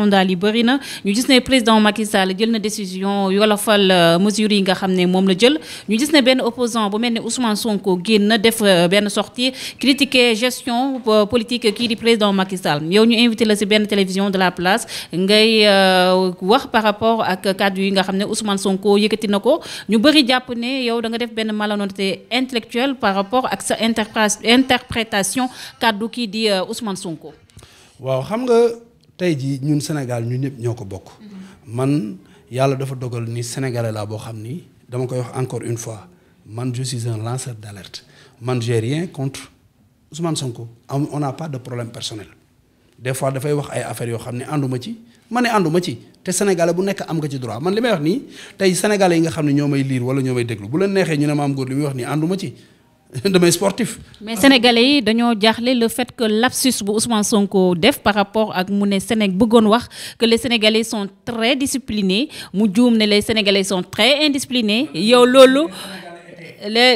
scandale yi bëri na ñu gis ne président Macky Sall jël na décision yolofal euh, mesures yi nga xam ne moom la jël ñu gis ne benn opposant bu mel ne Ousmane Sonko génn def euh, benn sortie critiquer gestion euh, politique kii di président Macky yow ñu invité la si benn télévision de la place ngay wax par rapport ak kaddu yi nga xam ne Ousmane Sonko yëkkati na ko ñu bëri jàpp ne yow da nga def benn malhonnêteté intellectuelle par rapport ak sa interprétation kaddu kii di Ousmane Sonko tey jii ñun Sénégal ñun ñëpp ñoo ko bokk. Mm-hmm. man yàlla dafa dogal ni sénégalais laa boo xam ni dama koy wax encore une fois man je suis un lanceur d' alerte man j'ai rien contre Ousmane Sonko on n'a pas de problème personnel. des fois dafay wax ay affaires yoo xam ne ànduma ci ma ne ànduma ci te sénégalais bu nekk am nga ci droit man li may wax nii tey sénégalais yi nga xam ne ñoo may liir wala ñoo may déglu bu leen neexee ñu ne maam góor li muy wax nii ànduma ci. damay sportif. mais sénégalais yi dañoo jaaxle le fait que lapsus bu Ousmane Sonko def par rapport ak mu ne Sénégal bëggoon wax que les sénégalais sont très disciplinés mu juum ne les sénégalais sont très indisciplinés yow loolu.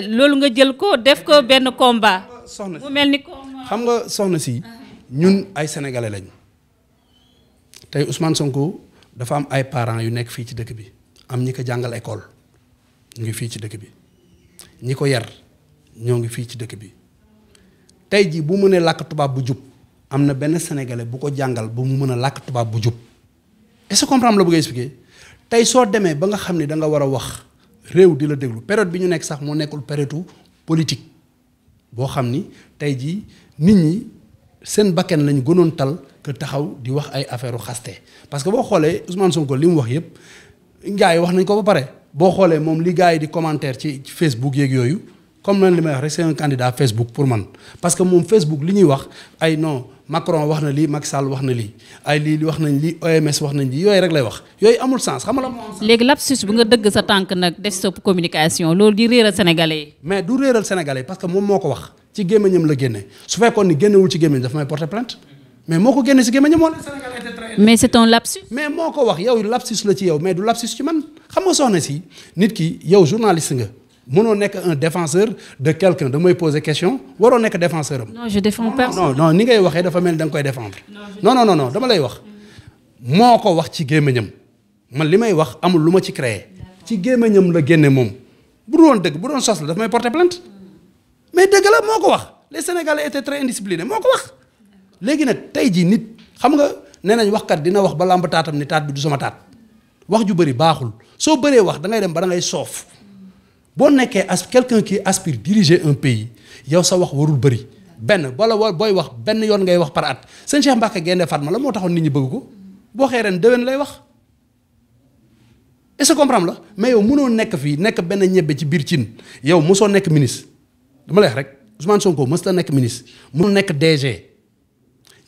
loolu nga jël ko def ko benn combat. soxna mel ni euh, xam nga soxna si ñun ay sénégalais lañ tey Ousmane Sonko dafa am ay parents yu nekk fii ci dëkk bi am ñi ko jàngal école ngi fii ci dëkk bi ñi ko yar. ñoo ngi fii ci dëkk bi tey jii bu mënee làkk tubaab bu jub am na benn sénégalais bu ko jàngal bu mu mën a làkk tubaab bu jub est-ce que la bëgg a expliquer tey soo demee ba nga xam ne danga war a wax réew di la déglu période bi ñu nekk sax moo nekkul période politique boo xam ni tey jii nit ñi seen bakken lañu gënoon tal que taxaw di wax ay affaire xaste parce que boo xoolee Ousmane Sonko li mu wax yëpp gars yi wax nañ ko ba pare boo xoolee moom li yi di commentaire ci Facebook yeeg yooyu. comme loolu li may wax rek c'est que moom Facebook li ñuy wax na lii Macky Sall wax na lii ay lii wax nañ lii OMS wax nañ lii yooyu rek lay wax yooyu amul sens xam nga la léegi nga dëgg sa tànk nag def sa communication loolu di réeral sénégalais mais du réeral sénégalais parce que moom moo ko wax ci gémmiñam la génne su fekkoon ni génnewul ci gémmiñ daf may porter plainte mais moo ko génne mais moo ko wax yow lapsus la ci yow mais du lapsus ci man xam nga soxna si nit ki yow journaliste nga. mënoo nekk un défenseur de quelqu'un damay poser question waroo nekk défenseur am. non je défends personne. ni ngay waxee dafa mel ni da nga koy no no non no dama lay wax. moo ko wax ci gémmiñam man li may wax amul lu ma ci créé. ci gémmiñam la génne moom. bu woon dëgg bu doon sos la dafa may porter plainte. mais dëgg la moo ko wax les sénégalais étaient très indisciplinés moo ko wax. léegi nag tey jii nit xam nga nee nañ kat dina wax ba làmb taatam ni taat bi du sama taat. wax ju bëri baaxul soo bëree wax da ngay dem ba da soof. boo nekkee as quelqu'un qui aspire diriger un pays yow sa wax warul bëri benn bala wa booy wax benn yoon ngay wax par at sëñ Cheikh Mbacke Gaynde Fatma la moo taxoon nit ñi bëgg ko boo xee ren déwén lay wax est-ce que comprendre la mais yow mënoo nekk fii nekk benn ñebbe ci biir cin yow mosoo nekk ministre dama lay wax rek Ousmane Sonko mës ta nekk ministre mënoo nekk DG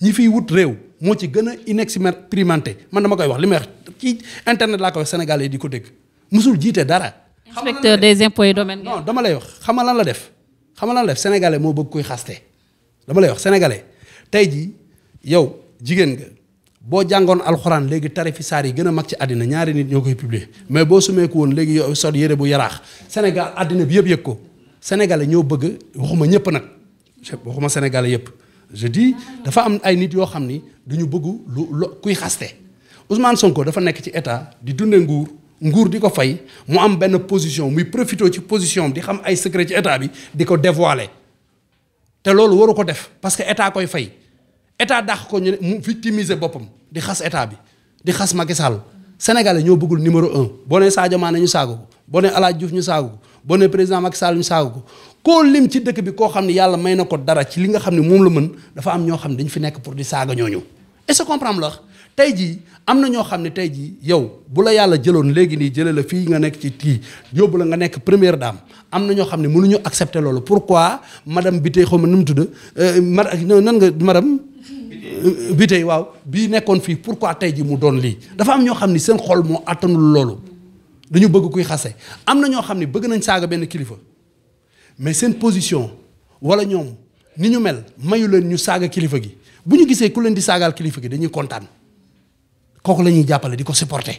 ñi fiy wut réew moo ci gën a inexpérimenté man dama koy wax li may wax ci internet laa koy wax di ko dégg mosul jiite dara. inspecteur des impôts et domaines. non dama lay wax xam nga lan la def xam la def sénégalais moo bëgg kuy xaste dama lay wax sénégalais tey jii yow jigéen nga boo jàngoon alxuraan léegi tarifi saar yi gën a mag ci àddina ñaari nit ñoo koy publier mais boo sumeek woon léegi yow sol yére bu yaraax Sénégal àddina bi yëpp yëg ko sénégalais ñoo bëgg waxuma ñëpp nag waxuma sénégalais yëpp je dafa am ay nit yoo xam ni duñu bëgg lu kuy xaste Ousmane Sonko dafa nekk ci état di dundee nguur. nguur di ko fay mu am benn position muy profité ci position di xam ay secret ci état bi di ko dévoiler te loolu waru ko def parce que état koy fay état dàq ko ñu mu victimiser boppam di xas état bi di xas Macky Sall sénégalais ñoo bëggul numéro un boo nee Sadio Mané ñu saagu ko boo nee El Hadj ñu saagu ko boo nee président Macky Sall ñu saagu ko koo lim ci dëkk bi koo xam ne yàlla may na ko dara ci li nga xam ne moom la mën dafa am ñoo xam ne dañ fi nekk pour di saaga ñooñu est-ce que tey jii am na ñoo xam ne tey jii yow bu la yàlla jëloon léegi nii jëlee la fii nga nekk ci tii yóbbu la nga nekk première daam am na ñoo xam ne mënuñu accepter loolu pourquoi madame Biteye xaw ma nu mu tudd euh, ma euh, nan nga madame. Biteye waaw bii nekkoon fii pourquoi tey jii mu doon lii dafa am ñoo xam ni seen xol moo àttanul loolu dañu bëgg kuy xase am na ñoo xam ne bëgg nañ saaga benn kilifa mais seen position wala ñoom ni ñu mel mayu leen ñu saaga kilifa gi bu ñu gisee ku leen di saagaal kilifa gi dañuy kontaan. kooku la ñuy jàppale di ko supporter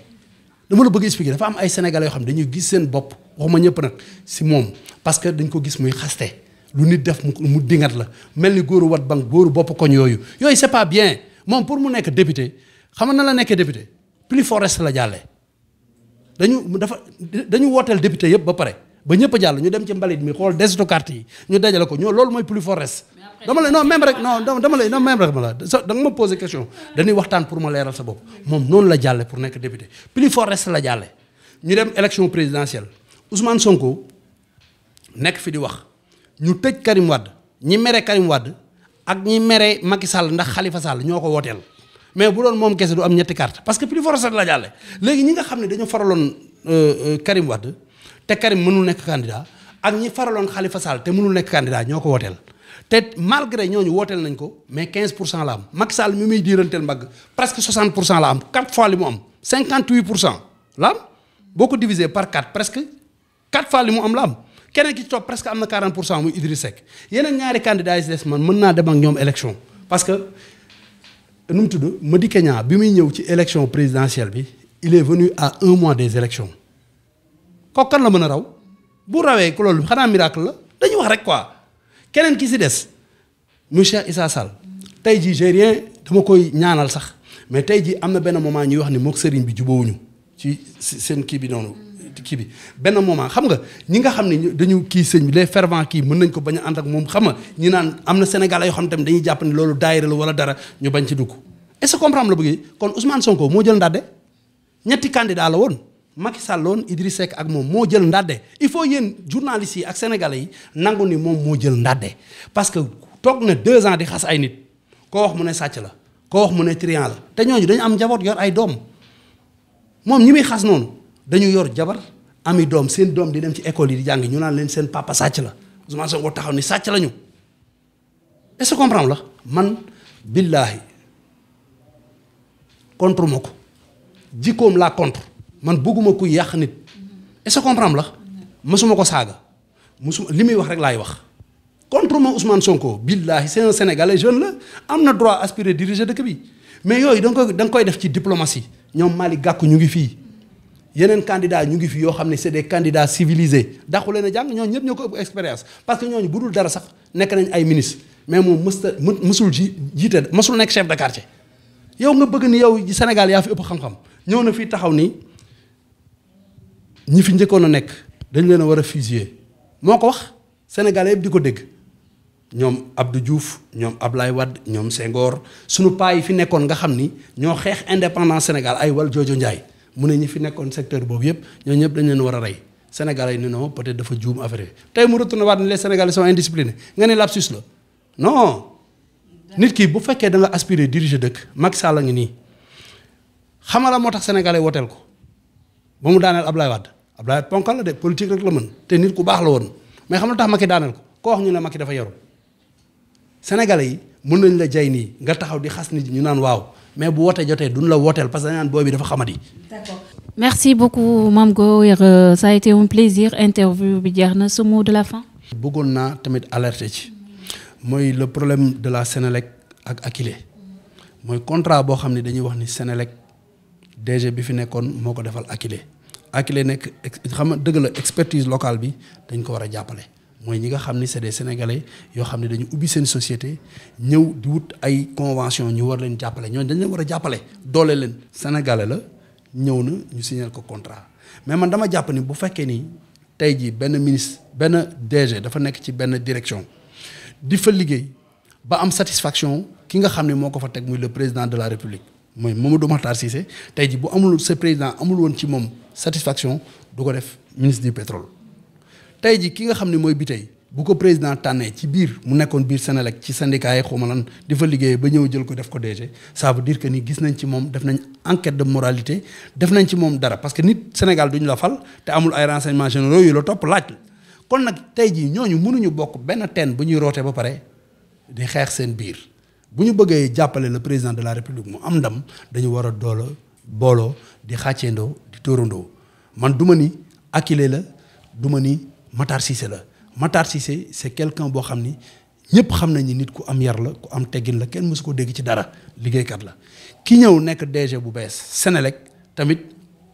dama la bëgg expliquer dafa am ay sénégal yoo xam dañuy gis seen bopp waxuma ñëpp nag si moom parce que dañ ko gis muy xaste lu nit def mu dingat la mel ni góor wat bank góor bopp koñ yooyu yooyu c'est pas bien moom pour mu nekk député xam na la nekkee député plus forest la jàllee dañu dafa dañu wooteel député yëpp ba pare ba ñëpp a jàll ñu dem ci mbalit mi xool desitu carte yi ñu dajale ko ñoo loolu mooy plus forest dama la non même rek non dama lay non même rek ma la da nga ma posé question dañuy waxtaan pour ma leeral sa bopp moom noonu la jàlle pour nekk député plus forest la jàlle ñu dem élection présidentielle Ousmane Sonko nekk fi di wax ñu tëj Karim Wade ñi mere Karim Wade ak ñi mere Macky sàll ndax Khalifa Sall ñoo ko wooteel mais bu doon moom kese du am ñetti carte parce que plus forest la jàlle léegi ñi nga xam ne dañu faraloon euh, euh, Karim Wade te Karim mënul nekk candidat ak ñi faraloon Khalifa Sall te mënul nekk candidat ñoo ko wooteel te malgré ñooñu wooteel nañ ko mais 15 pour cent la am Macky Sall mi muy diiranteel mbagg presque 60 pour cent la am 4 fois li mu am 58 pour cent la am boo ko divisé par 4 presque 4 fois li mu am la am keneen ki ci topp presque am na 40 pour cent muy Idriss Seck yeneen ñaari candidats yi si man mën naa dem ak ñoom élection parce que nu mu tudd Madické bi muy ñëw ci élection présidentielle bi il est venu à un des élections kooku kan la mën a raw bu rawee ko loolu xanaa miracle la dañu wax rek quoi keneen ki si des monsieur Issa Sall tey jii dama koy ñaanal sax mais tey jii am na benn moment ñuy wax ni mook sëriñ bi jubóowuñu ci seen kii bi noonu kii bi benn moment xam nga ñi nga xam ne dañu kii sëñ bi les fervents kii mën nañ ko bañ a moom xam nga ñi naan am na Sénégal yoo xam tamit dañuy jàpp ne loolu daayira la wala dara ñu bañ ci dugg est-ce que la bëggee kon Ousmane Sonko moo jël ndàdde ñetti daal la woon Macky Sall loon Idriss Seck ak moom moo jël ndàdde il faut yéen journalistes yi ak sénégal yi nangu ni moom moo jël ndàdde parce que toog na deux ans di xas ay nit koo wax mu ne sàcc la koo wax mu ne triant la te ñooñu dañu am njaboot yor ay doom moom ñi muy xas noonu dañu yor jabar ami doom seen doom di dem ci école yi di jàng ñu naan leen seen papa sàcc la Ousmane Sonko taxaw ni sàcc la ñu est-ce que la man billaahi contre ma ko jikkoom laa contre man bëgguma ku yàq nit est la mësuma ko saaga mësuma li muy wax rek laay wax contre ma Ousmane Sonko billaahi c'est un sénégalais jeune la am na droit aspirer diriger dëkk bi mais yooyu da nga koy da nga koy def ci diplomatie ñoom mali Gakou ñu ngi fii yeneen candidats ñu ngi fii yoo xam ne c'est des candidats civilisés dàqu leen a jàng ñooñu ñëpp ñoo ko ëpp expérience parce que ñooñu bu dul dara sax nekk nañ ay ministre mais moom mës ta mësul ji jiite mësul nekk chef de quartier yow nga bëgg ni yow Sénégal yaa fi ëpp xam-xam ñëw na fii taxaw nii ñi fi njëkkoon a nekk dañ leen war a fusiller moo ko wax sénégalais yëpp di ko dégg ñoom Abdou juuf ñoom Ablaye Wade ñoom Senghor sunu paa yi fi nekkoon nga xam ni ñoo xeex indépendance Sénégal ay wal joojoo Ndiaye mu ne ñi fi nekkoon secteur boobu yëpp ñoo ñëpp dañ leen war a rey sénégalais yi ni non peut-être dafa juum affaire tey mu retourné waat ni les sénégalais sont indisciplinés nga ne lapsus la non nit ki bu fekkee da nga aspirer diriger dëkk Macky Sall a ngi nii xamala moo tax sénégalais woteel ko ba mu daaneel Ablaye Wade Abdoulaye ponkal la de politique rek la mën te nit ku baax la woon mais xam nga tax Macky daaneel ko ko wax ñu ne Macky dafa yaru sénégal yi mun nañ la jay nii nga taxaw di xas nit ñu naan waaw mais bu wootee jotee duñ la wooteel parce que dañ naan booy bi dafa xamadi. merci beaucoup Mame Goor ça a été un bi jeex na ce de la fin. bëggoon naa tamit alerter mooy le problème de la Sénélec ak Akilee mooy contrat boo xam ne dañuy wax ni Sénélec DG bi fi nekkoon moo ko defal Akilee. ak lay nekk xam nga dëgg la expertise locale bi dañ ko war a jàppale mooy ñi nga xam ni c'est des sénégalais yoo xam ne dañu ubbi seen société ñëw di wut ay convention ñu war leen jàppale ñoo dañ war a jàppale doole leen sénégalais la ñëw na ñu signer ko contrat mais man dama jàpp ni bu fekkee nii tey jii benn ministre benn DG dafa nekk ci benn direction di fa liggéey ba am satisfaction ki nga xam ne moo ko fa teg muy le président de la république mooy Mamadou Makhtar Cissé tey ji bu amul sa président amul woon ci moom satisfaction du ko def ministre du pétrole tey ji ki nga xam ne mooy bi tey bu ko président tànnee ci biir mu nekkoon biir Sénélec ci syndicat yi xawma lan di fa liggéeyee ba ñëw jël ko def ko DG ça veut dire que ni gis nañ ci moom def nañ enquête de moralité def nañ ci moom dara parce que nit Sénégal duñ la fal te amul ay renseignements généraux yu la topp laaj la kon nag tey jii ñooñu mënuñu bokk benn teen bu ñuy rootee ba pare di xeex seen biir bu ñu bëggee jàppale la président de la république mu am ndam dañu war a doola booloo di xàcceendoo di tóorandoo man du ma ni Akile la du ma ni Matar la Matar Cissé c'est quelqu'un boo xam ni ñëpp xam nañu nit ku am yar la ku am teggin la kenn mësu ko dégg ci dara liggéeykat la ki ñëw nekk DG bu bees Senelec tamit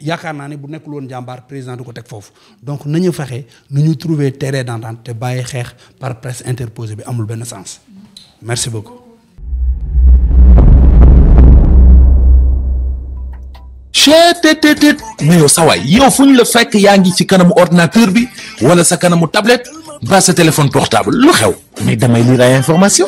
yaakaar naa ne bu nekkul woon jàmbaar président du ko teg foofu donc nañu fexe nu ñu trouver terrain d'entente te bàyyi xeex par presse interposée bi amul benn sens merci beaucoup cheetetetet mais yow sa waay yow fu ñu la fekk yaa ngi ci kanamu ordinateur bi wala sa kanamu tablette basa téléphone portable lu xew mais damay lire ay information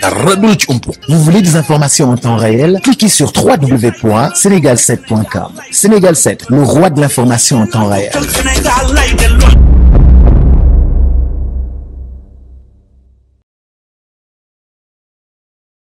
dara du la Vous voulez des informations en temps réel? Cliquez sur www.senegal7.com. Sénégal 7, le roi de l'information en temps réel.